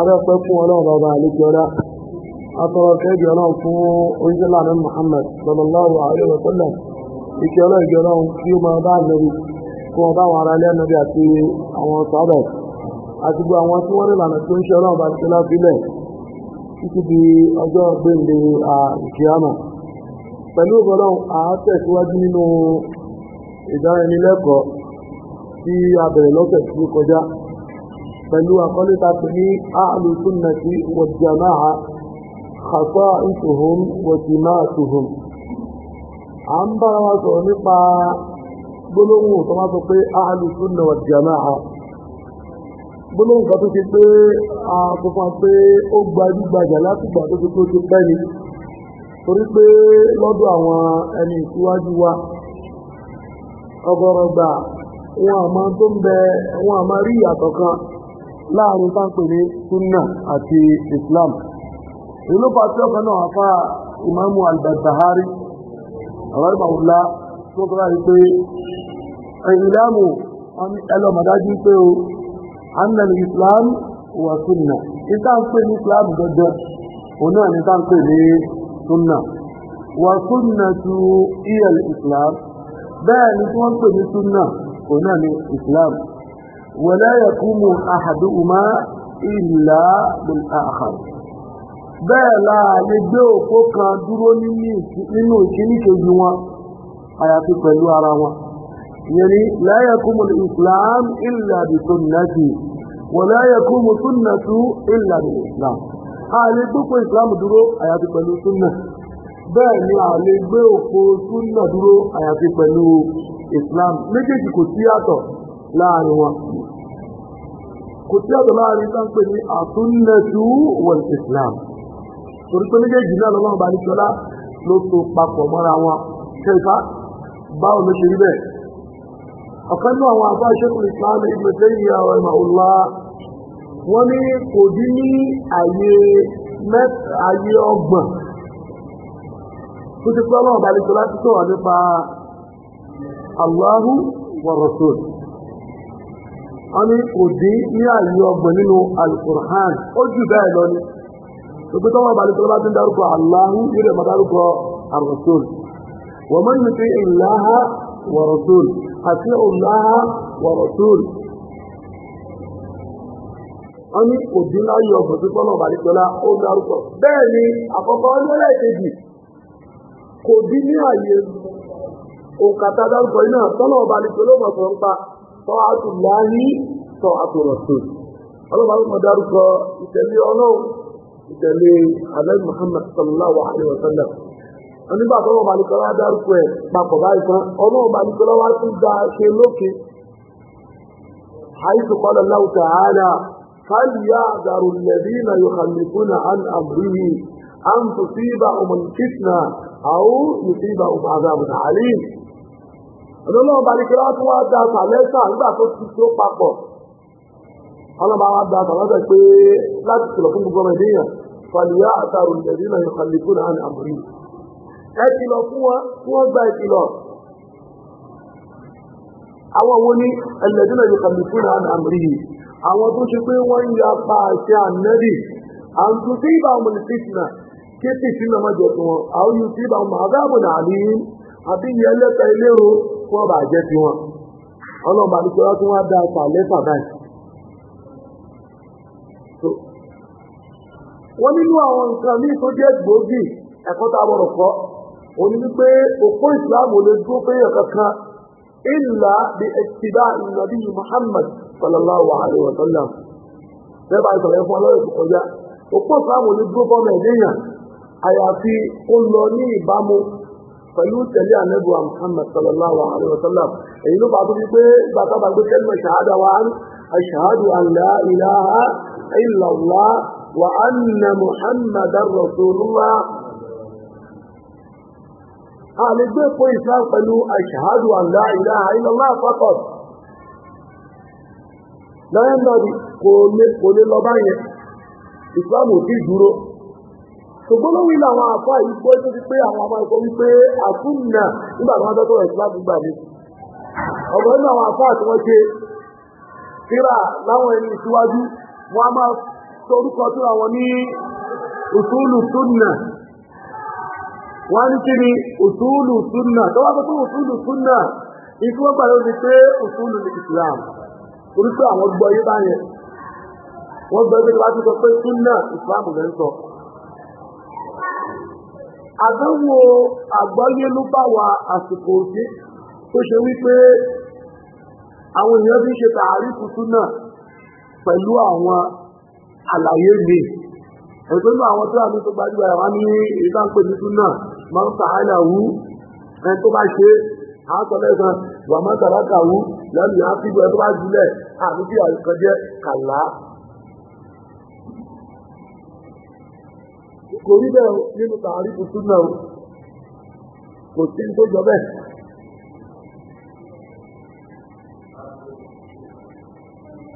adọ́pẹ́ fún ọlọ́run ọba àlejòra atọ́rọ kẹ́ẹ̀dì ọlọ́run fún oníṣẹ́lá ní Muhammad sallallahu alaihi wa sallam ìkẹ́ ọlọ́run ìjọ ọlọ́run kí ó máa bá nàbí fún ọba àwọn ará ilé ẹnàbí àti àwọn sọ́ọ̀bẹ̀ àti gbogbo àwọn tí wọ́n rí lànà tó ń ṣe ọlọ́run bá ṣe lábílẹ̀ títí di ọjọ́ gbèǹde àìkíyàmà pẹ̀lú ọlọ́run àátẹ̀síwájú nínú ìdánilẹ́kọ̀ọ́ tí a bẹ̀rẹ̀ lọ́sẹ̀ tó kọjá pẹ̀lú àkọlé ta pè ní ahlu sunnati wal jama'a khasa'isuhum wa jima'atuhum à ń bára wa sọ̀rọ̀ nípa gbólóhùn tó máa sọ pé ahlu sunna wal jama'a gbólóhùn kan tó ṣe pé a sọ pé ó gbajúgbajà látìgbà tó ṣe pé ti pẹ́ ni torí pé lọ́dọ̀ àwọn ẹni ìsíwájú wa ọgọ́rọ̀gbà wọn àmọ́ tó ń bẹ wọn àmọ́ rí ìyàtọ̀ kan láàrin táǹpẹ̀ ní súnà àti islam ìlú pàtí ọkàn náà afá ìmáàmù al-Barbahari àwárìbàwùlá tó kọ́lá rí pé ìlàmù ẹlọ́mọ̀dájú pé o annal islam wà súnà ìtàǹpẹ̀ ní islam gẹ́gẹ́ òun náà ní táǹpẹ̀ ní súnà wà súnà tu iyal islam bẹ́ẹ̀ ni tí wọ́n pè ní súnà òun ní islam wala yakumu ahaduhuma illa bil akhar bẹ́ẹ̀ la lè gbé òpó kan dúró nínú ìkíní kejì wọn àyàfi pẹ̀lú ara wọn ìyẹn ni la yakumu islam illa bi sunnati wa la yakumu sunnatu illa bil islam a lè gbópo islam dúró àyàfi pẹ̀lú sunna bẹ́ẹ̀ ni a lè gbé òpó sunna dúró àyàfi pẹ̀lú islam méjèèjì kò sí yàtọ̀ láàrin wọn kò sí ọ̀dọ̀ láàrin tó ń pè ní àtúnnẹ̀tú wal islam torí pé méjèèjì náà lọ́wọ́ bá níṣọ́lá ló so papọ̀ mọ́ra wọn kẹfà báwo ló ṣe rí bẹ́ẹ̀ ọ̀kan náà àwọn àbá ìṣẹ́kùn islam ibn taymiya wa rahimahullah wọ́n ní kò dín ní àyè ọgbọ̀n tó ti pẹ́ ọlọ́run bá níṣọ́lá tó wà nípa Allahu wa rasul wọ́n ní kò dín ní àyè ọgbọ̀n nínú alukur'an ó lọ gbogbo tó wọn balùwẹ̀ tó bá ti ń dárúkọ aláhu yóò lè má dárúkọ àrùsùn wọ́n mọ̀ nípa ìlàhà wọ̀rọ̀sùn àti ìlàhà wọ̀rọ̀sùn wọ́n ní kò dín láyé ọgbọ̀n tó tọ́lọ̀ ó dárúkọ bẹ́ẹ̀ ni àkọ́kọ́ ọlọ́lá ìkejì kò ní طاعة الله طاعة الرسول الله عز مدارك يتلي عنو يتلي على محمد صلى الله عليه وسلم أنا بعض الله عليك الله دارك ما قبائك الله عليك الله واسم داخل لك حيث قال الله تعالى فليعذر الذين يخلفون عن أمره أن تصيبهم الفتنة أو يصيبهم عذاب عليم ọlọ́lọ́ balùwẹ̀ tún wá da sàlẹ́sà nígbà tó ti tó papọ̀ ọlọ́ba wa da sàlẹ́sà pé láti sọ̀rọ̀ fún gbogbo ọmọ ènìyàn fàlùyà àtàrò ìjẹ̀dí náà yóò kàlẹ́ fún àwọn àmúrí ẹ ti lọ fún wọn fún wọn gba ìkìlọ̀ àwọn wo ni ẹlẹ́dí náà yóò àmúrí àwọn tó ṣe pé wọ́n ya pa àṣẹ ànẹ́bì na ìbámu àbíyẹ ẹlẹ́ta eléro kí wọ́n bá jẹ́ ti wọn ọlọ́mọ àdìsọ́lá tí wọ́n dá ọ̀pá lẹ́fà báyìí. wọ́n nínú àwọn nǹkan míì tó jẹ́ ẹ̀kọ́ tá a bọ̀rọ̀ kọ́ òní wípé òpó ìsìláàmù lè dúró péye kankan ìlà bí Muhammad sallallahu alayhi wa sallam bẹ́ẹ̀ bá a sọ̀rọ̀ kọjá ìsìláàmù lè dúró ẹ̀dẹ́yàn àyàfi pẹ̀lú tẹ̀lé ànẹ́bùwà Muhammad sallallahu alayhi wa sallam èyí ló bàbá wípé bàbá bàbá kẹ́lìmọ̀ ṣàhádà wa ní aṣàhádù an la ilaha illallah wa anna Muhammadan rasulullah a lè gbé fún islam pẹ̀lú aṣàhádù an la ilaha illallah faqat lọ́yẹ́ náà kò lè lọ báyẹn islam ò tí dúró ṣùgbọ́n ilé àwọn afọ yìí pé tó ti pé àwọn ọmọ ẹ̀kọ́ wípé àtúnyà nígbà tí wọ́n fẹ́ tó rẹ̀ gbà mí. ọ̀gbọ́n nínú àwọn àfa àti wọ́n ṣe kíra láwọn ẹni ìṣíwájú wọn a máa usulu usulu tó usulu ikú wọn ni pé usulu ní islam torí pé àwọn gbọ́ yé báyẹn wọ́n àdánwò àgbáyé ló bá wa àsìkò òjé tó ṣe wípé àwọn èèyàn fi ṣe tààrí tuntun náà pẹ̀lú àwọn àlàyé mi ẹ̀gbẹ́ náà àwọn tó àmì tó gbajúgbajà wá ní ìdánpè tuntun náà máa ń tààlà wú ẹni tó bá ṣe àátọ́ lẹ́sàn wàmọ́tàlákà wú lẹ́nu àfihàn tó bá jùlẹ̀ àmì kí àìkọjẹ́ kàlá kò rí bẹ́ẹ̀ nínú tààrí tuntun náà kò sí tó jọ bẹ́ẹ̀.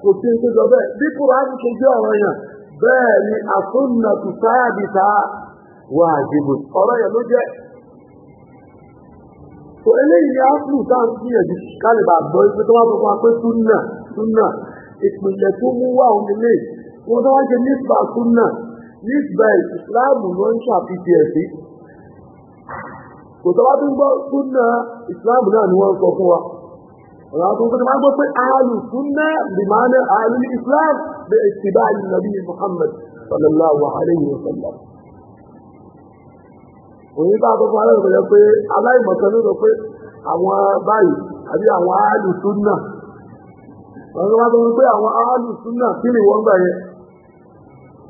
kò sí tó jọ bẹ́ẹ̀ bí kùránì kò jẹ́ ọ̀rọ̀ yẹn bẹ́ẹ̀ ni àsúnà tó sáàbì ta wà àjèbò ọ̀rọ̀ yẹn ló jẹ́. tó eléyìí ni áfíù tá à ń gbìyànjú kálíbà gbọ́ ipe tó wá sọ pé súnà súnà ìpìlẹ̀ tó mú wà òun nílé wọn tó wá ṣe nípa súnà nígbà ìsìláàmù ló ń ṣàfihàn ẹ̀sí kò tọ́wá tó ń gbọ́ súnà ìsìláàmù náà ni wọ́n sọ fún wa ọ̀rọ̀ àwọn tó ń gbọ́ pé àálù súnà bìmánà àálù ìsìláàmù bẹ ìsìbá nàbí Muhammad sallallahu alayhi wa sallam òyìn bá tó fún aláìmọ̀ kan pé aláìmọ̀ kan ló sọ pé àwọn báyìí àbí àwọn àálù súnà wọ́n tó tó ń pé àwọn àálù súnà kí ni wọ́n gbà yẹn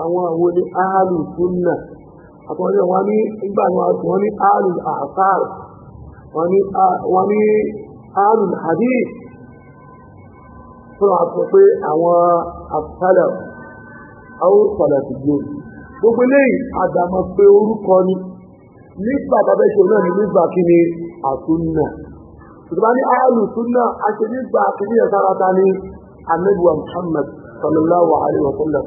àwọn àwọn ní áàlù súnà àtọ́jọ́ wọn ní ìgbà wọn ní áàlù àṣàr wọn ní áàlù hadith fún àtọ́ pé àwọn àṣàlẹ̀ àwọn sọ̀lẹ̀tì gbò gbogbo eléyìí àdàmọ̀ pé orúkọ ni nígbà bàbá ìṣòro náà ní nígbà kí ni àtúnà ìjọba ní áàlù súnà àti nígbà kí ni ẹ̀sára ta ni anabuwa Muhammad sallallahu alaihi wa sallam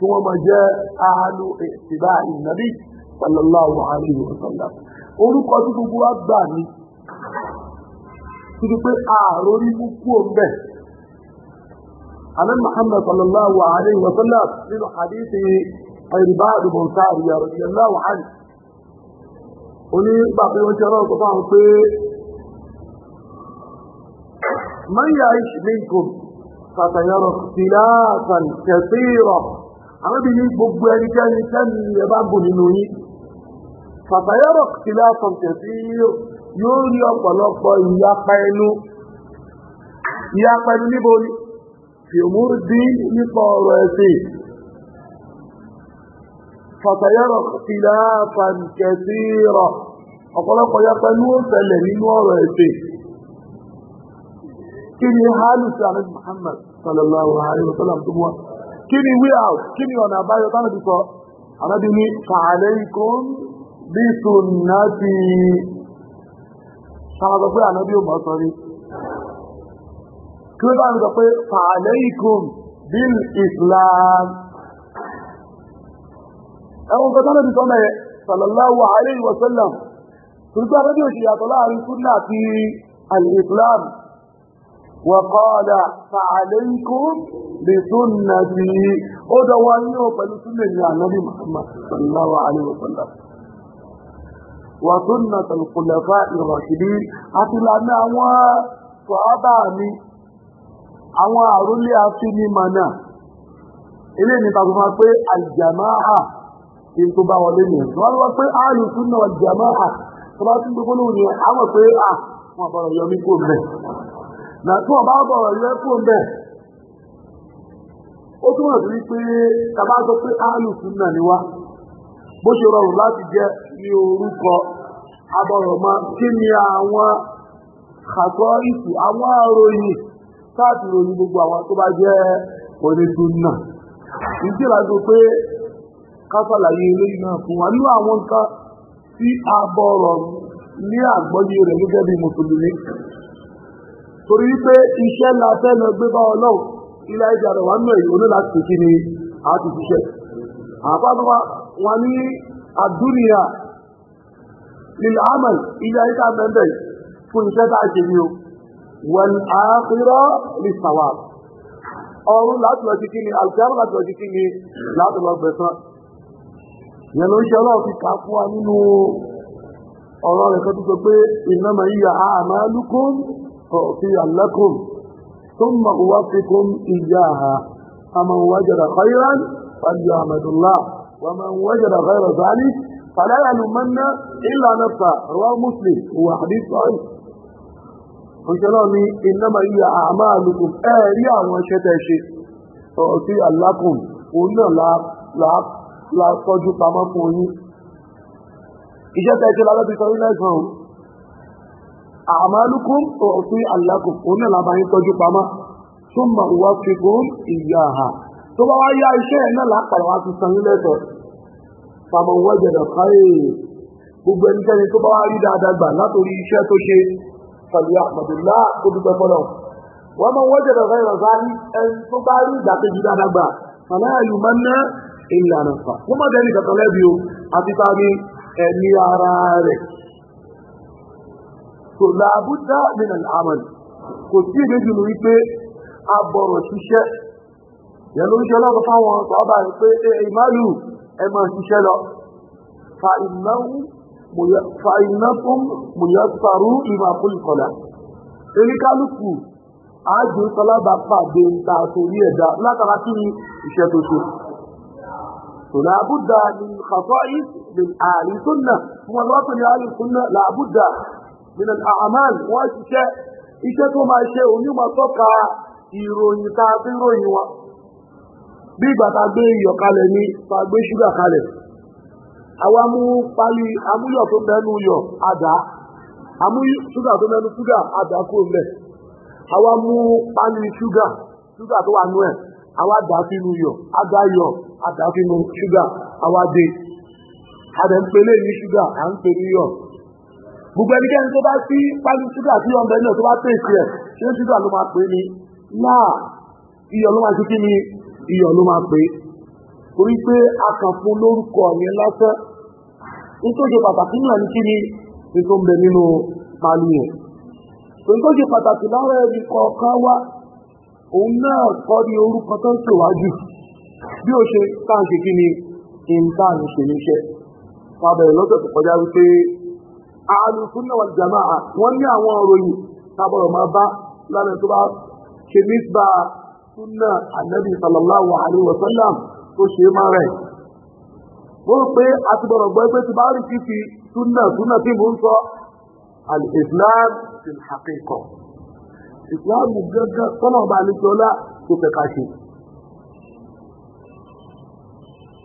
kí wọ́n máa jẹ́ àánú ìtìbá ìnàbí sallallahu alayhi wa sallam orúkọ tí gbogbo wa gbà ní títí pé ààrò rí mú kú ọ̀bẹ alẹ́ muhammad sallallahu alayhi wa sallam nínú hadithi Irbad bin Sariya radiyallahu anhu oní bàbá wọn ti ọlọ́run kọ́kọ́ àwọn pé man ya'ish minkum fatayara ikhtilafan arábìnrin gbogbo ẹnikẹ́ni tẹ́ni ẹ bá gùn nínú yín fàtàyọ̀rọ̀ kìlá fọ̀nkẹ̀ sí yóò rí ọ̀pọ̀lọpọ̀ ìyapa ẹnu ìyapa ẹnu níbo ni fìmú dí nípa ọ̀rọ̀ ẹ̀sìn fàtàyọ̀rọ̀ kìlá fọ̀nkẹ̀ sí rọ̀ ọ̀pọ̀lọpọ̀ ìyapa ẹnu ó ṣẹlẹ̀ nínú ọ̀rọ̀ ẹ̀sìn kí ni hálù àrẹ Muhammad sallallahu alaihi wa sallam tó mú wa kí ni way out kí ni ọ̀nà àbáyọ tánàbí sọ ànábí ní fa'alaykum bí sunnati sáwọn sọ pé ànábí ò mọ́ sọ rí kí ló dáa sọ pé fa'alaykum bil islam ẹwọ́n kan tánàbí sọ mẹ́yẹ sallallahu alayhi wa sallam tùrùkú ànábí ò ṣe láàrin sunna àti al-islam وقال فعليكم بسنتي ودوانيه فلسنة يا نبي محمد صلى الله عليه وسلم وسنة الخلفاء الراشدين أتلانا وصحابامي àwọn àrólé afínimọ̀nà ilé níta tó máa pé aljamaa kí n tó bá wọlé ní ẹ̀sùn wọ́n lọ pé ààlù súnà aljamaa tó bá tún gbogbo lóhùn àwọn ah, wọn na tí wọn bá bọ̀rọ̀ yẹ kó ń bẹ̀. ó túmọ̀ sí pé tàbá sọ pé áàlù fún náà ni wá bó ṣe rọrùn láti jẹ́ ní orúkọ abọ̀rọ̀ mọ́ kí ni àwọn àtọ́ ìtù àwọn àròyìn láti ròyìn gbogbo àwọn tó bá jẹ́ ìdí ìlàjò pé eléyìí náà fún wa torí wípé iṣẹ́ la fẹ́ lọ gbé bá ọlọ́run ilé ayé àrẹ wà náà ìwọ́n náà láti kí ni a ti ṣiṣẹ́ àpapọ̀ wọn ní àdúnìyà lílẹ̀ àmàl ilé ayé ká bẹ́ẹ̀ fún iṣẹ́ tá a ṣe ni o wọn àákúrọ́ ní sàwà ọrùn láti lọ sí kí ni àlùkárù láti lọ sí kí ni láti lọ gbẹ̀sán yẹn ló ń ṣe ọlọ́run fi kà fún wa nínú ọ̀rọ̀ rẹ̀ kan tó sọ pé ìnáma yíya àmàlùkún أعطي لكم ثم أوفكم إياها فمن وجد خيرا فليحمد الله ومن وجد غير ذلك فلا يلومن إلا نفسه رواه مسلم هو حديث صحيح فجلوني إنما هي أعمالكم آريا وشتاشي تعطيا لكم قلنا لا لا لا تجو كما فوني إجابة الجلالة بكرين أجمعون àmàlùkùn òfin àlákùn òun náà làbá yín tọ́jú pamọ́ tó mọ̀ wá fi gún ìyá ha tó bá wá yá iṣẹ́ ẹ̀ náà lápàdà wá ti san nílẹ̀ tọ̀ pàmò wọ́jẹ̀dọ̀ káyè gbogbo ẹnikẹ́ni tó bá wá rí dáadáa gbà látòrí iṣẹ́ tó ṣe pẹ̀lú àpàdùlá tó dúpẹ́ fọlọ́ wọ́n mọ̀ wọ́jẹ̀dọ̀ káyè rọ̀ ní ẹni tó bá rí ìdàkejì dáadáa gbà so làbúdá nínú àmàlì kò sí èdè jùlọ wípé abọ̀rọ̀ ṣiṣẹ́ yẹn ló ń ṣe lọ́kọ̀ fáwọn sọ́ọ́bà rẹ̀ pé ẹ ìmáàlù ẹ máa ṣiṣẹ́ lọ fa ìnákún mùyọ́sàrú ìmàkúlù kọ̀dà eríkálùkù ààjò sọlábà pàdé ta torí ẹ̀dá látara kí ni iṣẹ́ tó ṣe làbúdá ní kàtọ́ ìsìn ààrí súnà fún ọlọ́pìn ààrí súnà làbúdá nínú àmàl wọ́n ṣiṣẹ́ iṣẹ́ tó ma ṣe onímọ̀ tọ́ka ka tá a fi ròyìn wọn bí ìgbà tá ni tá a gbé ṣúgà kalẹ̀ àwa mú pálí amúyọ̀ tó mẹ́nu yọ̀ àdá àmú ṣúgà tó pali shuga àdá kúrò mẹ́ àwa mú pálí ṣúgà ṣúgà tó wà nú ẹ̀ àwa dà sínú yọ̀ gbogbo ẹnikẹ́ni tó bá sí pálí ṣúgà sí ọ̀bẹ náà tó bá tẹ̀ sí ẹ̀ ṣé ṣúgà ló máa pè é ni náà iyọ̀ ló máa ṣe kí ni iyọ̀ ló máa pè é torí pé a kàn fún lórúkọ yẹn lásán nítorí pàtàkì náà ní kí ni ní tó ń bẹ nínú pálí yẹn torí tó ṣe pàtàkì lára ẹni kọ̀ọ̀kan wá òun náà kọ́ ní orúkọ tó ń tòwájú bí ó ṣe táǹkì kí ni nǹkan àìṣèníṣẹ́ pàbẹ̀rẹ̀ lọ́sẹ̀ tó kọjá wípé àlùsùnà wal jàmáà wọ́n ní àwọn òròyìn tábọ̀rọ̀ máa bá lánàá tó bá ṣe nípa súnà ànábì sallallahu alaihi wa sallam tó ṣe máa rẹ̀. mo rò pé a ti bọ̀rọ̀ gbọ́ pé ti bá rí fífi súnà súnà tí mò ń sọ al-islam fil haqiqa islam gẹ́gẹ́ kọ́nà ọba àlejò ọlá tó fẹ́ ká ṣe.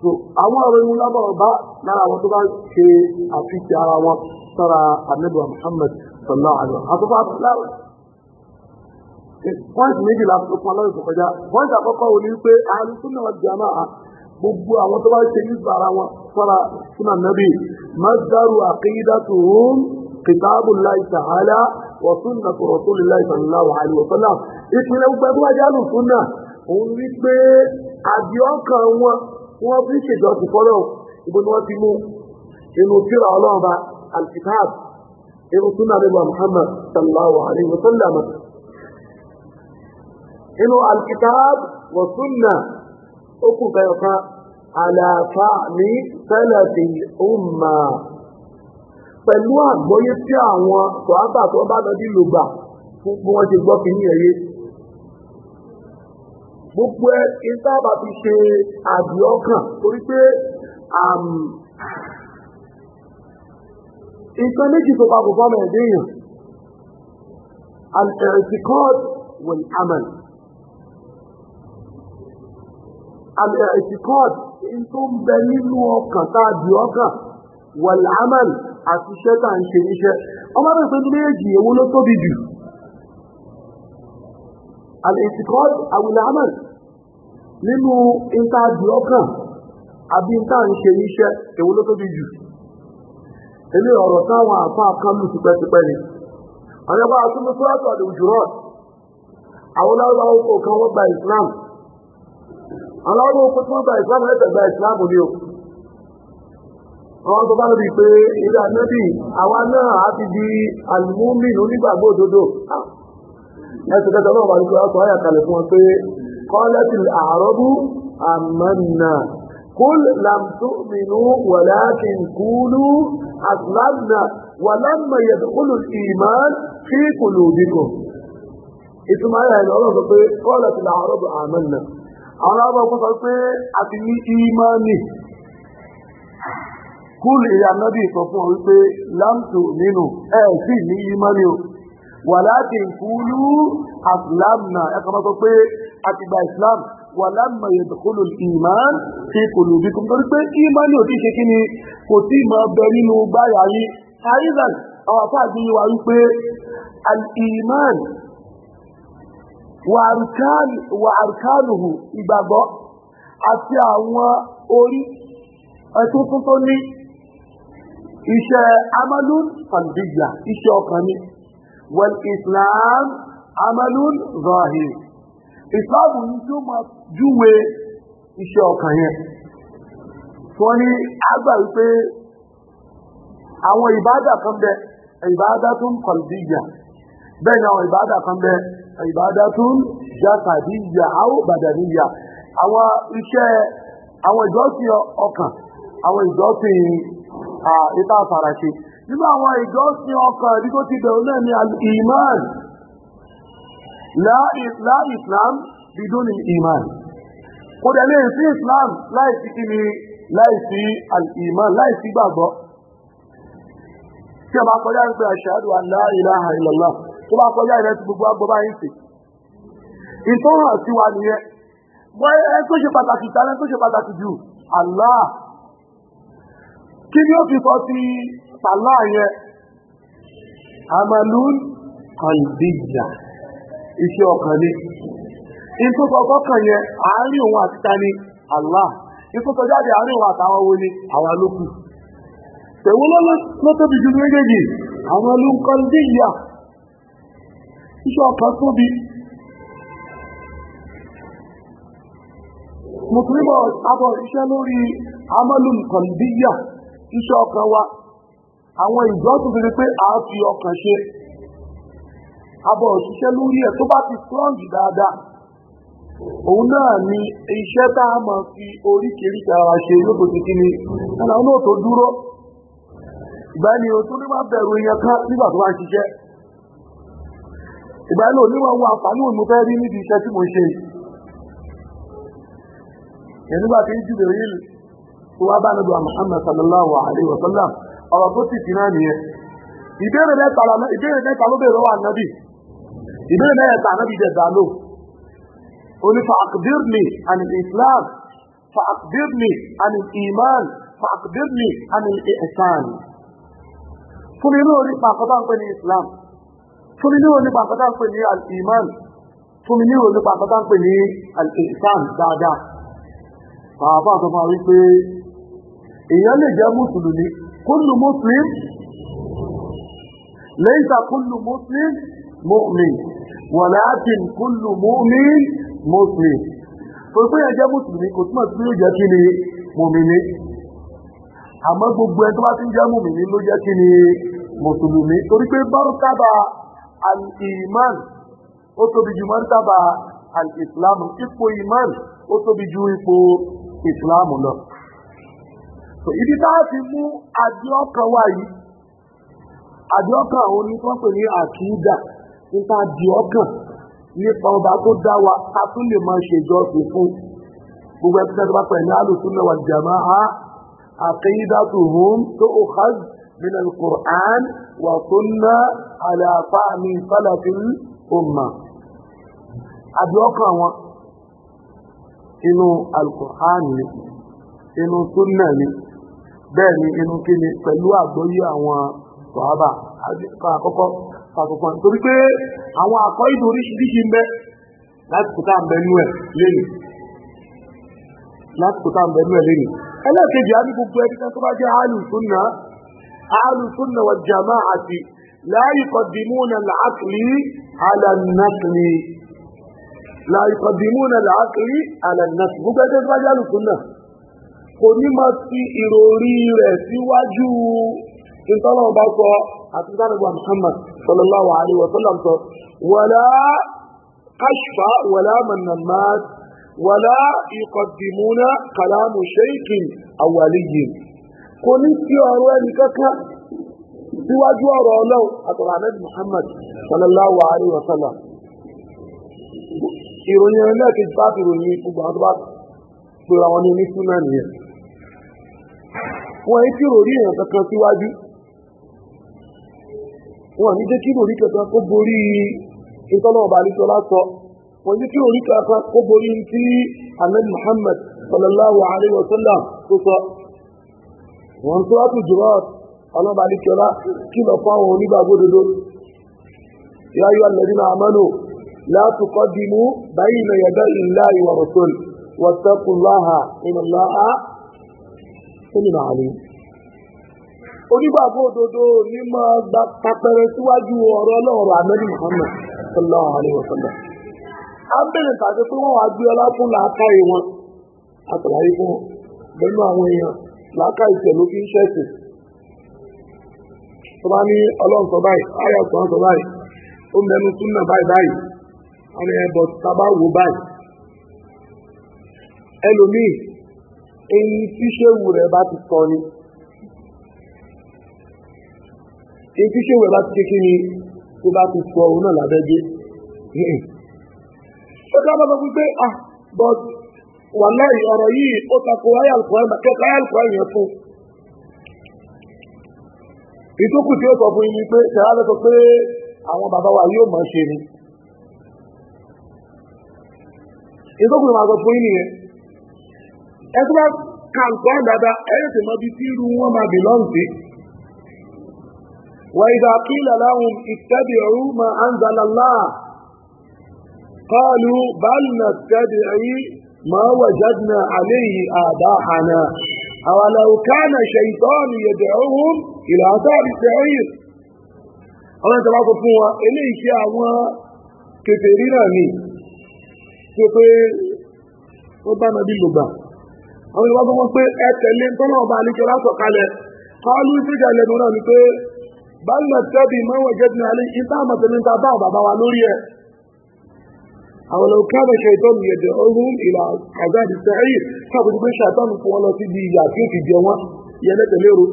so àwọn ọ̀rọ̀ ìwọ̀n lábọ̀ ọba lára àwọn tó bá ṣe àfihàn ara wọn sára anabi muhammed sallallahu alaihi wa sallam àtúntò àtúntò pọ́ǹtì méjìlá tó pọn lọ́yìn tó kọjá pọ́ǹtì àkọ́kọ́ wò ni wípé àlùsùnà jàmá gbogbo àwọn tó bá ṣe yíṣu ara wọn sára súnà nàbì mazdaru aqidatuhum kitabullahi ta'ala wa sunnatu rasulillahi sallallahu alaihi wa sallam ìpínlẹ̀ gbogbo wájú àlùsùnà òun wípé àdìọ́kàn wọn tí wọ́n fi ń ṣèjọ ti fọ́lọ́ ibo ni wọ́n ti mú inú kíra ọlọ́run bá alkitab inú súnà nígbà muhammad sallallahu alayhi wa sallam inú alkitab wa súnà ó kù kẹyọ̀ká àlàáfà ní sẹ́lẹ̀tì umma pẹ̀lú àgbọ́yé tí àwọn sọ̀hábà tó bá lọ bí lògbà fún bí ti gbọ́ kìíní ẹ̀yẹ gbogbo ẹ kí n sábà fi ṣe àdì ọkàn torí pé um, nǹkan méjì tó bá bùbá mẹ́rin déèyàn al-i'tiqad wal-amal al-i'tiqad in tó ń bẹ nínú ọkàn tá a dì ọkàn wal-amal àti iṣẹ́ tá à ń ṣe níṣẹ́ ọmọ bẹ̀rẹ̀ pé méjì èwo ló tóbi jù al-i'tiqad aw nínú ìtaàdì ọkàn àbí ìta ń ṣe níṣẹ́ èwo tó tóbi jù ilé ọ̀rọ̀ táwọn àpá kan lù tipẹ́tipẹ́ ni àyẹ̀bá àtúntò tó yàtọ̀ àdéhùn àwọn wọ́n gba Islam àwọn oko tí wọ́n gba Islam lẹ́tẹ̀ Islam ni o tó bá rí pé ilé àwa náà á ti di onígbàgbọ́ òdodo ah. kẹta náà wà ní kí wọ́n ayàkalẹ̀ fún wọn pé قالت الأعراب آمنا قل لم تؤمنوا ولكن قولوا أسلمنا ولما يدخل الإيمان في قلوبكم ìtumọ̀ ayé àìlọ́ ọlọ́run sọ pé kọ́ọ̀lẹ̀ ti làárọ̀ bọ̀ àmàn náà àwọn ọmọ ọkùnrin sọ pé a ti ní ìmánì kúlù ìyá nábì sọ fún ọ wípé láǹtò nínú ẹ sì ní ìmánì o wà láti kúlù àfìlámù náà ẹ kọ́ sọ pé àti gba islam wà láàmà yẹ̀dùkúlù ìmán tí kò lù bí kúrò pé ìmán ní òtí ṣe kí ni kò tí mọ̀ bẹ nínú báyà yìí àìsàn àwọn àfáàgbé wa wípé al-ìmán wà àrùkánùhù ìgbàgbọ́ àti àwọn orí ẹ̀túnkún tó ní iṣẹ́ amalun qalbiyya iṣẹ́ ọkàn ni wal islam amalun zahir ìsáàbù yìí tí ó máa júwe iṣẹ́ ọkàn yẹn wọ́n ní àgbà wípé àwọn ìbáàdà kan bẹ ìbáàdà tó ń kọ̀lùdíyà bẹ́ẹ̀ ni àwọn ìbáàdà kan bẹ ìbáàdà tó ń jásàdíyà áwò bàdàníyà àwọn iṣẹ́ àwọn ìjọsìn ọkàn àwọn ìjọsìn ìta àfàràṣe nínú àwọn ìjọsìn ọkàn ẹ̀dí tó ti bẹ̀rù náà ni al لا إسلام بدون الإيمان kódà lè sí Islam láìsí kíni láìsí al-iman láìsí gbàgbọ́ tí a bá kọjá ń pè ashhadu an la ilaha illallah tó bá kọjá ìrẹsì gbogbo agbọ́ báyìí sí ìtọ́rọ̀ sí wa nìyẹn wọ́n ẹ tó ṣe pàtàkì ìtàlẹ́ tó ṣe pàtàkì jù Allah kí ni ó fi sọ ti tàlá yẹn amalun qalbiyya isi ọkàn ni ìtòkọ̀ kọ́kàn yẹn àárín òun ni Allah ìtòkọ̀ jáde àárín òun àtàwọn wo ni àwọn alókù tẹ̀wọ́n lọ́lọ́ ló tóbi ju méjèèjì àwọn olùkọ́ ìyá iṣẹ́ ọkàn tóbi mùsùlùmọ̀ abọ̀ iṣẹ́ lórí amọ́lùmkọ̀ndíyà iṣẹ́ ọkàn wa àwọn fi pé a abọ̀rọ̀ ṣiṣẹ́ lórí ẹ̀ tó bá ti strong dáadáa òun náà ni iṣẹ́ tá a máa fi ara ṣe lóko ti kíni náà tó dúró ìgbà ni o tó ní máa bẹ̀rù èèyàn kan nígbà tó bá ń ṣiṣẹ́ ìgbà ni o ní máa àǹfààní fẹ́ rí níbi iṣẹ́ tí mo ṣe nígbà tí yìí tó wá bá ìbéèrè mẹ́ta anábì dẹ̀ dá lò ó ní fàkbírni àni islam fàkbírni àni iman fàkbírni àni ihsan fún mi lóò nípa àkọ́tà ń pè ní islam fún mi lóò nípa àkọ́tà ń pè ní al-iman fún mi lóò nípa àkọ́tà ń pè ní al-ihsan dáadáa bàbá àtọ́fà wípé èèyàn lè jẹ́ mùsùlùmí kullu muslim laysa kullu muslim mu'min walakin kullu mu'min muslim tó pé ẹjẹ́ mùsùlùmí kò túmọ̀ sí yóò jẹ́ kí ni mùmìnì àmọ́ gbogbo ẹ tó bá ti ń jẹ́ mùmìnì ló jẹ́ kí ni mùsùlùmí torí pé bárúkàbà al-iman ó tóbi ju márúkàbà al-islam ipò iman ó tóbi ju ipò islam lọ. ibi tá a ti mú àdìọ́kàn wáyé àdìọ́kàn òní tó ń pè ní àkídà nípa di ọkàn nípa ọba tó dá wa ká tún lè máa ṣèjọsìn fún gbogbo ẹgbẹ́ tó bá pẹ̀lú al-sunnah wal jamā'ah aqīdatuhum tu'khadh min al-Qur'ān wa sunnah 'alā fahmi salafil ummah àdìọ́kàn wọn inú al ni inú sunnah ni bẹ́ẹ̀ ni inú kíni pẹ̀lú àgbọ́yé àwọn sọ̀hábà àkọ́kọ́ pàtàkùn torí pé àwọn àkọ́ ìdò oríṣiríṣi ń bẹ láti kò tá à ń bẹ nú ẹ̀ lẹ́yìn láti kò tá à ń bẹ nú ẹ̀ lẹ́yìn ẹlẹ́ẹ̀kejì á ní gbogbo ẹni tó bá jẹ́ àlù súnà àlù súnà wà jàmá àti láàyè kọ̀dìmúnà làákìlì alànàkìlì láàyè kọ̀dìmúnà làákìlì gbogbo ẹni tó bá jẹ́ àlù kò ní máa fi ìròrí rẹ̀ síwájú ìtọ́lọ́ọ̀bá sọ عقيدان ابو محمد صلى الله عليه وسلم ولا كشف ولا من مات ولا يقدمون كلام شيخ او ولي كونيتي اوروالي كاكا سواجو اورولو اتو محمد صلى الله عليه وسلم ìròyìn ẹ̀lẹ́ ti bá ti ròyìn ikú bá tó bá pèrò àwọn ní ní súnmẹ́ nìyẹn wọ́n èyí tí ròrí èyàn kankan síwájú wọn ní jẹ́ kí lórí kẹta kó borí ìtọ́nà ọba àlítọ́lá sọ wọn ní kí lórí kẹta kó borí tí ahmed muhammad sallallahu alayhi wa sallam tó sọ wọn tó wá tó jùlọ ọlọ́ba àlítọ́lá kí lọ fún àwọn onígbàgbódodo ya ayyuha alladhina amanu la tuqaddimu bayna yaday illahi wa rasul wattaqullaha inna allaha sami'un alim onígbàgbọ́ òdodo ní máa gba papẹ̀rẹ̀ síwájú ọ̀rọ̀ ọlọ́run àmẹ́rì muhammed sallallahu alayhi wa sallam. a ń bèrè tàbí pé wọ́n wá gbé ọlá fún làákàyè wọn àtàlàyé fún wọn pẹ̀lú àwọn èèyàn làákàyè tẹ̀ ló fi ń ṣẹ̀sì. tó bá ní ọlọ́run sọ báyìí ayọ̀ sọ sọ báyìí ó mẹ́nu súnà báyìí báyìí àwọn ẹ̀bọ̀ tábà wò báyìí. ẹlòmíì èyí tíṣẹ́wù rẹ̀ bá ti sọ ni. etí ṣé wẹ̀ bá ti kékeré ni tó bá ti sọ òun náà lábẹ́gé. ó dábàá sọ pé ah but wàláì ọ̀rọ̀ yìí ó takò ayé àlùkò ẹ̀ kẹ́kẹ́ ayé àlùkò ẹ̀ yẹn fún. ìtókù tí ó sọ fún yín ni pé ṣẹ̀rá lọ sọ pé àwọn bàbá wa yóò máa ṣe ni. ìtókù máa sọ fún yín nìyẹn. ẹ tó bá ka nǹkan dáadáa ẹ yóò sì mọ ibi tí irú wọn máa bì lọ́ǹtì. وإذا قيل لهم اتبعوا ما أنزل الله قالوا بل نتبع ما وجدنا عليه آباءنا أولو كان شيطان يدعوهم إلى دار السعير ọlọ́run tó bá kó fún wa eléyìí kí àwọn kékeré náà ní tí ó pé ó bá nàbí lògbà àwọn ìwà fún wọn pé ẹ tẹ̀lé tọ́lọ́ ọba àlejò látọ̀kalẹ̀ kọ́ọ́lù ìtújà ìlẹ̀nu náà ni pé بل نتبي ما وجدنا عليه إطامة من تبعض أو لو كان شيطان يدعوهم إلى عذاب السعير فقد من شيطان فولا سيدي يأتيك الجوان يلد ليرو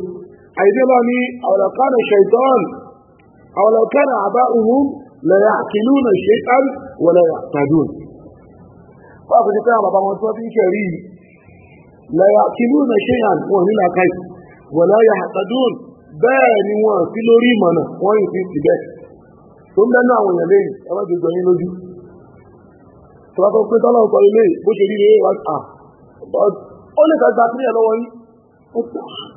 أيضا لاني أو لو كان شيطان أو لو كان عباؤهم لا يعقلون شيئا ولا يعتادون فقد كان بابا مصابي شريف لا يعقلون شيئا وهنا كيف ولا يعتادون bẹ́ẹ̀ ni wọ́n sí lórí ìmọ̀nà wọ́n yìí sí bẹ́ẹ̀ tó ń bẹ́ẹ̀ àwọn èèyàn lẹ́yìn ẹwà gbogbo ẹ̀yìn lójú tó pé tọ́lọ́ sọ ilé bó ṣe rí rèé wá à ah, ó lè lọ́wọ́ yín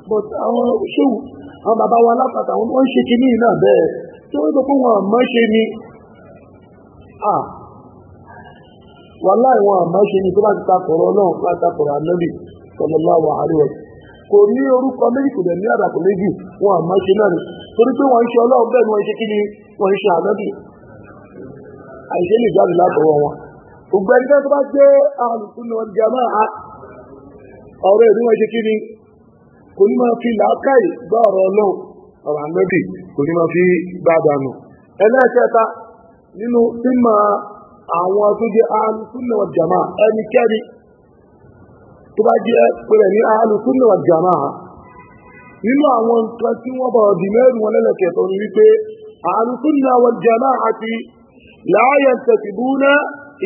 but àwọn ṣéwù àwọn bàbá wa lápàtà àwọn wọ́n ṣe náà bẹ́ẹ̀ tí wọ́n wọn àmọ́ ni à wọn àmọ́ ni tó bá ti ta kọ̀rọ̀ kò ní orúkọ méjì dẹ̀ ní àdàpọ̀ méjì wọn àmọ́ ṣe náà ni torí pé wọ́n ń ṣe ọlọ́run bẹ́ẹ̀ ni wọ́n ń ṣe kí ni wọ́n ń ṣe ànábì àìṣe lè jáde látọwọ́ wọn. gbogbo tó bá gbé àlùkù ní wọn máa ọ̀rọ̀ ṣe kò ní máa fi làákàyè gbọ́ ọ̀rọ̀ ọlọ́run ọ̀rọ̀ kò ní máa fi gbá dànù. ẹlẹ́ẹ̀kẹta nínú àwọn tó bá jẹ́ pẹ̀lẹ̀ ní alùsùn náà jàmáà nínú àwọn nǹkan tí wọ́n bọ̀ dì mẹ́rin wọn lẹ́lẹ̀kẹ̀tọ́ ni wípé alùsùn náà wọ jàmáà ti láàyè tẹ̀síbúná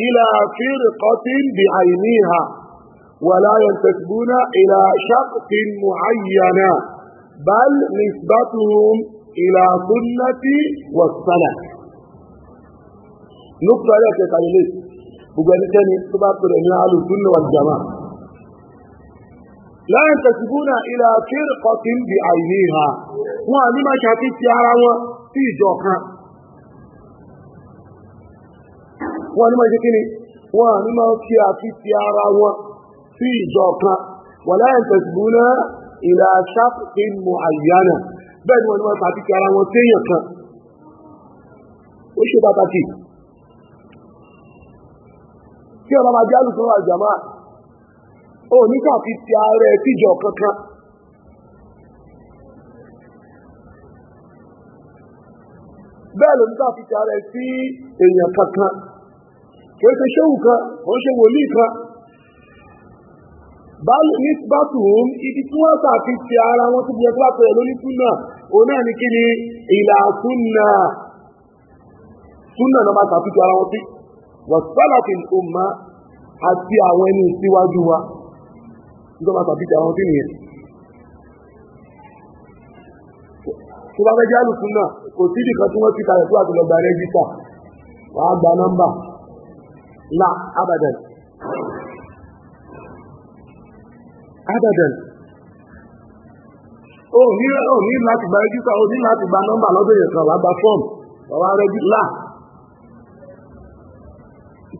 ilà fírìkọ́tín bí àìníhà wà láàyè tẹ̀síbúná ilà ṣàkùtín muayyana bal nisbatuhum ilà sunnati wa sana. nukta yẹ kẹta ilé gbogbo ẹnikẹ́ni tó bá pẹ̀lẹ̀ ní alùsùn náà jàmáà láyé tẹ̀síbúnà ilẹ̀ akérèkọ́ ti ń di àìní ha wọn àní máa ṣàkí ti ara wọn sí ìjọ kan wọn àní máa ṣe kíni wọn àní máa kí àkí ti ara wọn sí ìjọ kan wọn láyé tẹ̀síbúnà ilẹ̀ aṣáfìkì mu àyànà bẹ́ẹ̀ ni wọn ni wọn ṣàkí ti ara wọn séèyàn kan ó ṣe pàtàkì tí ọba máa jẹ́ àlùfáà jàmáà ó ní káàfi ti ara ẹ̀ tíjọ kankan. bẹ́ẹ̀ ló ní káàfi ti ara ẹ̀ sí èèyàn kankan kò ṣe ṣéwù kan kò ṣe wòlíì kan báàlù ní bàtù ibi tí wọ́n sàfi ti ara wọn tó yẹ kí wọ́n pẹ̀lú ní túnà òun náà ní kí ni ìlà túnà túnà náà bá sàfi ti ara wọn sí wọ́n sálàfin ọmọ àti àwọn ẹni síwájú wa ìjọba sàbíkì àwọn tí nìyẹn tó bá fẹ́ jẹ́ àlùkùn náà kò sí ìdìkan tí wọ́n ti kalẹ̀ tó àti lọ́gbà rẹ́jísà wà á gba nọ́mbà la abadan abadan ó ní ó ní láti gba rẹ́jísà ó ní láti gba nọ́mbà lọ́dọ̀ yẹn kan wà á gba fọ́ọ̀mù wà á rẹ́jí la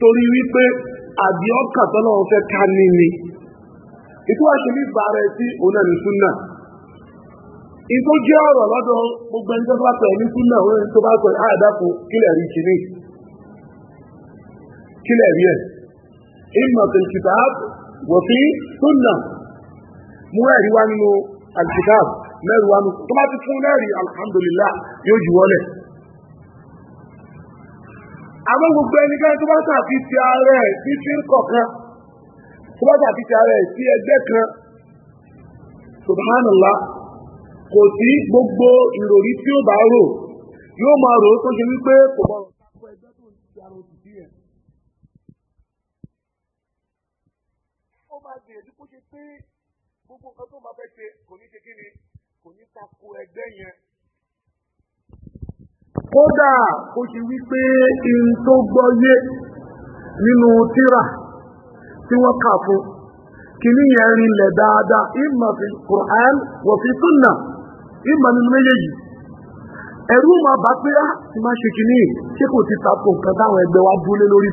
torí wípé àdìọ́kà tọ́lọ́wọ́ fẹ́ ká ní ni ètò àṣemí bàrẹ̀ sí òun náà ní súnà ìtò jẹ́ ọ̀rọ̀ lọ́dọ̀ gbogbo ẹni tó bá sọ̀rọ̀ ní súnà òun ẹni tó bá sọ̀rọ̀ àdàkù kílẹ̀ rí kìíní kílẹ̀ rí ẹ̀ ìmọ̀ tó kìtà wọ̀fí súnà mú ẹ̀rí wá nínú àkìtà mẹ́rin wá nínú tó bá ti fún lẹ́rí alhamdulilá yóò jù wọlé àwọn gbogbo ẹni tó bá sàfi ti ààrẹ títí kọ̀ọ̀kan tó ti ara sí ẹgbẹ́ kan subhanallah kò sí gbogbo ìròrí tí ó bá rò yóò máa rò ó tó ṣe wípé kò bọ̀rọ̀ ẹgbẹ́ tó ń ti ara òtítì yẹn. ó máa gbìyànjú kó ṣe pé gbogbo nǹkan tó máa fẹ́ ṣe wípé tó gbọ́ nínú tí wọ́n kà fún kìíní yẹn rinlẹ̀ dáadáa ìmọ̀ fi Qur'an wọ̀ fi Sunnah ìmọ̀ nínú méjèèjì ẹ̀rú máa bá ah, máa ṣe kìíní kò ti nǹkan táwọn ẹgbẹ́ wa lórí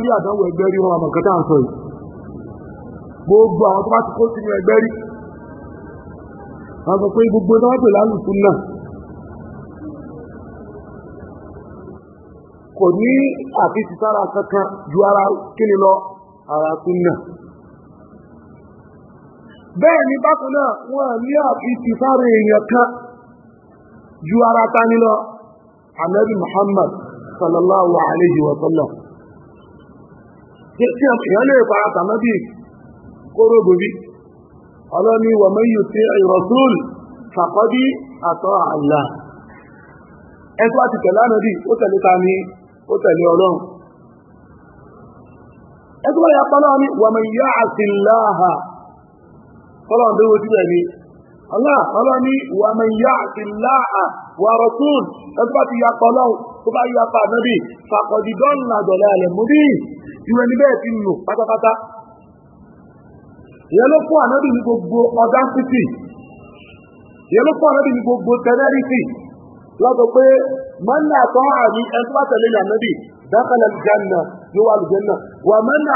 báyìí kò ti yìí gbogbo àwọn tó bá ti kó sínú ẹgbẹ́ rí wọ́n sọ pé gbogbo tó bá pè lálùkù náà kò ní àfíìsì sára kankan ju ara kíni lọ ara tún náà bẹ́ẹ̀ ni bákan náà wọ́n ní àfíìsì sára èèyàn kan ju ara tani lọ anabi muhammad sallallahu alayhi wa sallam tí a lè fara tànábì kóròdù bí ọlọ́ni wà mẹ́yù sí ìrọ̀súl fàkọ́dí àtọ́ àlà àti tẹ̀lé ó ni ó tẹ̀lé ọlọ́run ya pọ́lọ́ ní wàmí yá àti láàá kọ́lọ̀ tó wọ́n sílẹ̀ ní aláàkọ́lọ́ ní wàmí yá àti ti ya pọ́lọ́ tó bá yá kpọ nábì fàkọ̀dìdọ́nà dọ̀lẹ́ níbẹ̀ ti nù pátápátá ìyẹn ló fún ànábì ní gbogbo ọ̀dáńtìtì ìyẹn ló fún ànábì ní gbogbo tẹ́lẹ́rìtì lọ́dọ̀ pé mọ́nà àtọ́ àmì ẹni bá tẹ̀lé ní ànábì dákàlẹ̀ jẹ́nà wà lùjẹ́nà wà mọ́nà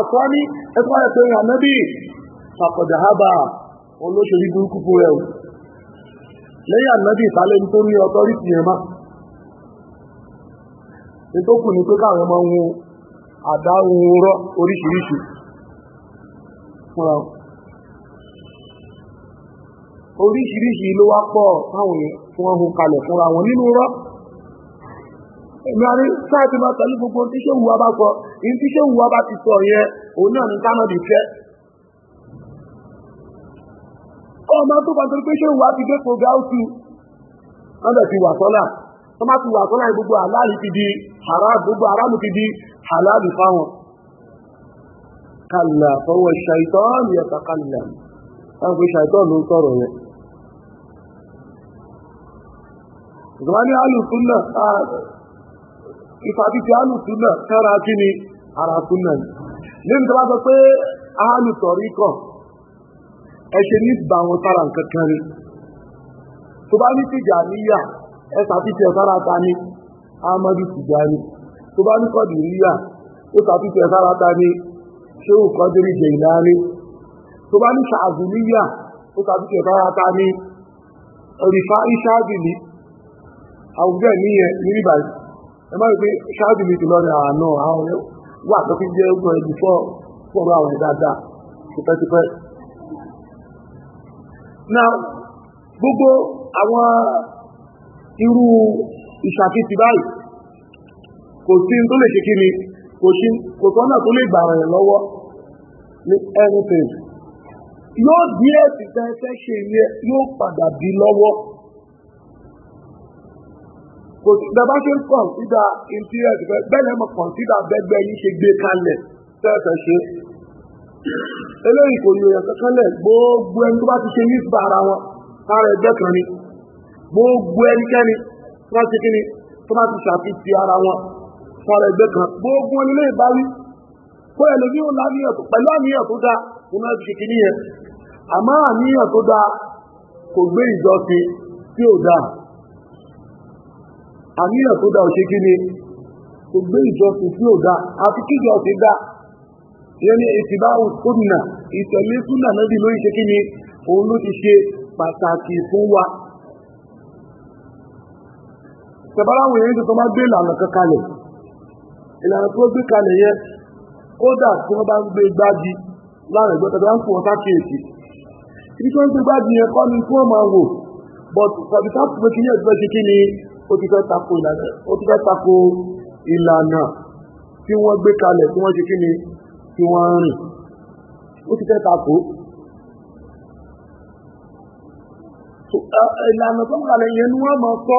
àtọ́ ní ẹni bá tẹ̀lé ní olóṣèlú o lẹ́yìn ànábì ìtàlẹ́ ní tó ní ọtọ́rìtì yẹn má ní ní pé káwọn ọmọ wọn fúnra oríṣiríṣi ló wá pọ̀ táwọn yẹn tí wọ́n hun kalẹ̀ fúnra wọn nínú rọ́ ìmọ̀rin sáàtì máa tẹ̀lé gbogbo tí ṣé wùwá bá sọ ìyí tí ṣé wùwá bá ti sọ yẹn òun náà ní kánà fẹ́ tó pé ṣé wùwá ti dé kò ti gbogbo ti di gbogbo ti di fáwọn yatakalla fọwọ́ ṣàìtọ́n yatakalla táwọn pé ṣàìtọ́n ló ń sọ̀rọ̀ yẹn ìgbà ní alùsùnà ìfàbí ti alùsùnà kára kí ni ara súnà ní nígbà wá sọ pé alùtọ̀rí kọ̀ ẹ ṣe ní ìgbà wọn sára nǹkan kan rí tó bá ní tìjà níyà ẹ ṣéwù kọ́dírì Jẹ̀yìnlání tó bá ní ṣàzùlíyà ó tàbí kẹ̀kọ́ ara ta ní rífà ní àwùjọ ìníyẹn ní ẹ má rí pé ṣáàbìlì ti lọ́rẹ̀ àánú àwọn wà tó fi jẹ́ ogun ẹ̀jù fọ́ fọ́ọ̀rọ̀ àwọn tipẹ́tipẹ́ gbogbo àwọn irú báyìí kò sí tó lè ṣe kí ni kò tó lè gbà ní anything yóò di ẹ̀sìn tẹ́ fẹ́ ṣe yẹn yóò padà di lọ́wọ́ kò sí bàbá ṣe ń kọ̀ǹsídà interior ẹ̀sìn fẹ́ bẹ́ẹ̀ lẹ́mọ̀ kọ̀ǹsídà bẹ́gbẹ́ yìí ṣe gbé kalẹ̀ tẹ́ fẹ́ ṣe eléyìí kò yọ ẹ̀sẹ̀ kanlẹ̀ gbogbo ẹni tó bá ti ṣe ní ìfà ara wọn sára ẹgbẹ́ kan ni gbogbo ẹnikẹ́ni tó bá ti kí ni tó bá ti ṣàfihàn ara wọn sára ẹgbẹ́ kan gbogbo ẹni lè bá wí fún ẹlòmíì láníyàn tó pẹ̀lú àníyàn tó dáa nínú ẹbí ṣe kìíní yẹn àmọ́ àníyàn tó dáa kò gbé ìjọsìn tí ò dáa àníyàn tó dáa ò ṣe kìíní kò gbé ìjọsìn tí ò dáa àti kíjọsìn dáa ìyẹn ní ìtìbá òsùnà ìtẹ̀lé súnà nábì ló ń ṣe kìíní òun ló ti ṣe pàtàkì fún wa gbé ìlànà ìlànà tó gbé kódà tí wọ́n bá ń gbé gbági láàrin ìgbọ́ta tó ń fò ọ̀tá kéèkì ibi tó ń gbé gbági yẹn kọ́ ni fún ọmọ wò but tàbí ká pè kí ní ẹ̀dùn ṣe kí ni ó ti fẹ́ tako ìlànà ó ti fẹ́ tako ìlànà tí wọ́n gbé kalẹ̀ tí wọ́n ṣe kí ni tí wọ́n ń rìn ó ti fẹ́ tako ìlànà tó ń kalẹ̀ yẹn ni wọ́n máa sọ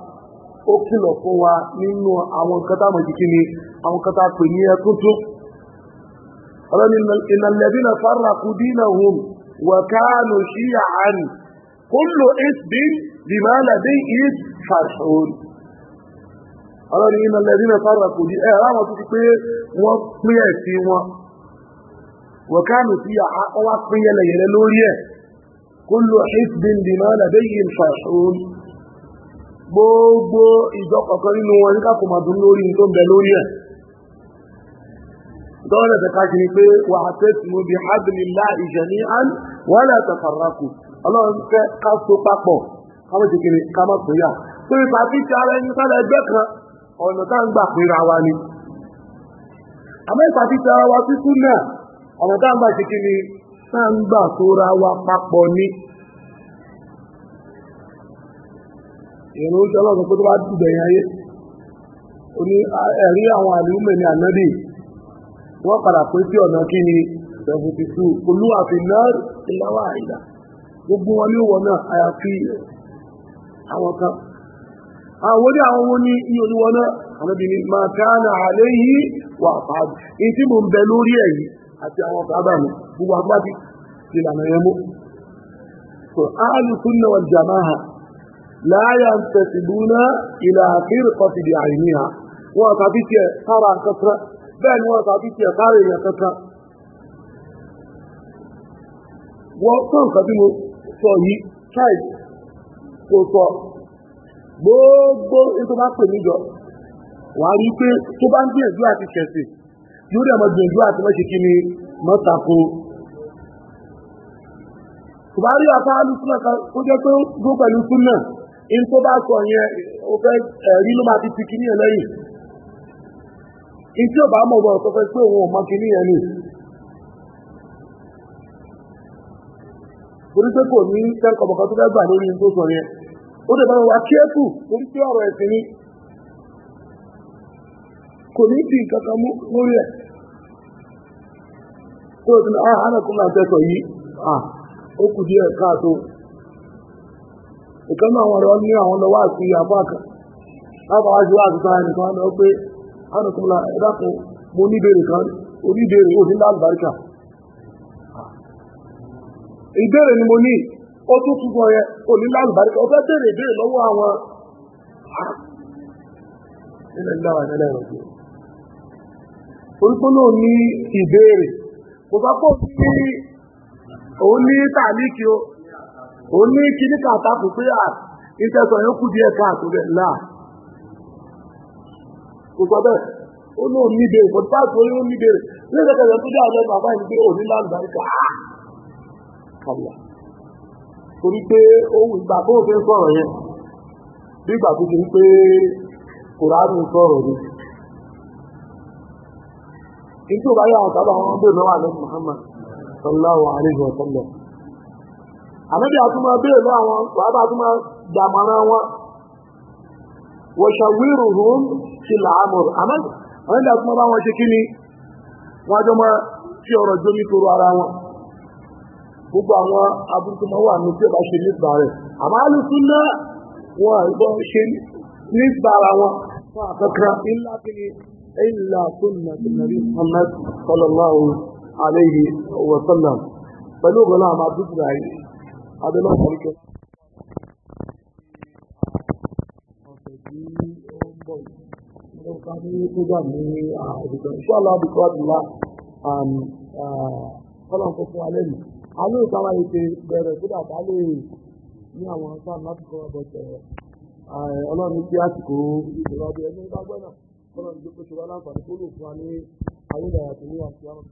ó kìlọ̀ fún wa nínú àwọn nǹkan tá mọ̀ kíkí ni àwọn nǹkan tá pè ní ẹkún tó ọlọ́ni ìnàlẹ́bínà farrakú dínà hùm wà káànù sí àárín kúlò ìsbín bìmọ́lẹ̀dé ìs fàṣọ́n ọlọ́ni ìnàlẹ́bínà farrakú dínà ẹ̀rọ àwọn tó ti pé wọ́n pín ẹ̀sìn wọn kúlò ìsbín bìmọ́lẹ̀dé ìs fàṣọ́n gbogbo ìjọ kọ̀ọ̀kan nínú wọn ní kàkùnmà tó lórí tó bẹ lórí ẹ̀ dọ́ọ̀lẹ̀ tẹ̀ka kiri pé wà á tẹ́ tí mo bí hábìlìlá ìjẹ̀ ní án wọ́n lẹ̀ tẹ̀fàrakù ọlọ́run fẹ́ ká so papọ̀ ká mọ̀ kékeré ká mọ̀ pé yà torí pàtí ti ara ẹni sálẹ̀ ẹgbẹ́ kan ọ̀nà tá ń gbà pera wa ni àmọ́ ìpàtí ti ara wa sí súnà ọ̀nà tá ń gbà kékeré tá ń gbà sóra wa papọ̀ ni. ìrìn oúnjẹ ọlọ́run pé tó bá dùbẹ̀ yẹn ayé ó ní ẹ̀rí àwọn àlùmọ̀ ní ànábì wọ́n padà pé ọ̀nà kí ni seventy two olú gbogbo wọn ní òwò náà àyàfi àwọn kan àwọn àwọn wọn ní iye olúwọ náà àwọn máa àlẹ́ yìí wà fàájì tí ń bẹ lórí ẹ̀ yìí àti àwọn mi gbogbo yẹn mú. la yantasibuna ila firqati bi'ayniha wọn kà fi tiẹ̀ sára kankan bẹ́ẹ̀ ni wọn kà wọ́n tó nǹkan bí sọ yìí gbogbo ètò bá wà á pé tó bá ń gbìyànjú àti ṣẹ̀sìn yóò dẹ̀ mọ in tó bá sọ yẹn o fẹ́ ẹ̀rí eh, ló máa fi ti in tí ò bá mọ̀ pé òun ò mọ yẹn ni torí kò ní kẹ́kọ̀ọ́ bọ̀kan tó gbà lórí in tó sọ yẹn ó dẹ̀ bá wà kíẹ́kù torí ọ̀rọ̀ ẹ̀sìn ni kò ní fi nǹkan kan mú lórí ẹ̀ tó o ti ní ah, ìkànnì àwọn ọ̀rẹ́ ní àwọn lọ́wọ́ àti àbá kan lábàá wájú wá àtúntà ẹnìkan lọ pé ánìkùnlá ẹ̀dàkùn mo níbèrè kan oníbèrè òní lálùbáríkà ìbéèrè ni mo ní ó tún túbọ̀ yẹ òní lálùbáríkà ó fẹ́ bèrè ìbéèrè lọ́wọ́ àwọn ilẹ̀ ìdáwà ìdẹ́lẹ̀ ìrọ̀jù orúkọ náà ní ìbéèrè kò bá pọ̀ sí òun ní o ó ní kíní kàtà kò pé à ìtẹ̀sọ̀ yóò kú díẹ̀ káàtó bẹ̀ là kò sọ bẹ́ẹ̀ ó ní òní ìbéèrè kò tá àtò ó ní ìbéèrè lẹ́sẹ̀ kẹsẹ̀ tó dé àlẹ́ bàbá yìí pé òní lálùbáríkà kàlùwà torí pé ohun ìgbà tó ń fi sọ̀rọ̀ yẹn bí ìgbà tó ti ń pé kòránù sọ̀rọ̀ ni nítorí báyọ̀ àwọn sábà wọn gbé lọ́wọ́ àlẹ́ Muhammad sallallahu alaihi wa sallam ànábì àtúmọ̀ béèrè lọ àwọn wàhálà àtúmọ̀ dàmọ́ra wọn wọ̀ṣàwírù hùn ti làámùrù ànábì àtúmọ̀ bá wọn ṣe kí ni wọ́n jọ máa fi ọ̀rọ̀ jómi toro ara wọn gbogbo àwọn abúrúkúmọ́ wà ní tí ó bá ṣe nígbà rẹ̀ àmọ́ alùsùn náà wọn àìgbọ́ ṣe nígbà ara wọn fún àkọ́kọ́ ńlá kí ni إلا سنة النبي محمد صلى الله عليه وسلم بلوغ لهم عبد الله abẹ́lẹ́ ọ̀pọ̀ ìkẹ́. ọ̀sẹ̀ tí ó ń bọ̀ yìí ká ní kódà ní àdìgbà ìṣọ́lá àdìgbà àdìgbà ọlọ́run kó fún alẹ́ nì. a ní ìtara ètè bẹ̀rẹ̀ kódà ká lè ní àwọn sáà láti kọ́ ọ̀bọ̀tẹ̀ ọlọ́run kí àsìkò ìṣòro ọbẹ̀ ẹni bá gbọ́nà ọlọ́run tó kó ṣe wá láǹfààní kó lò fún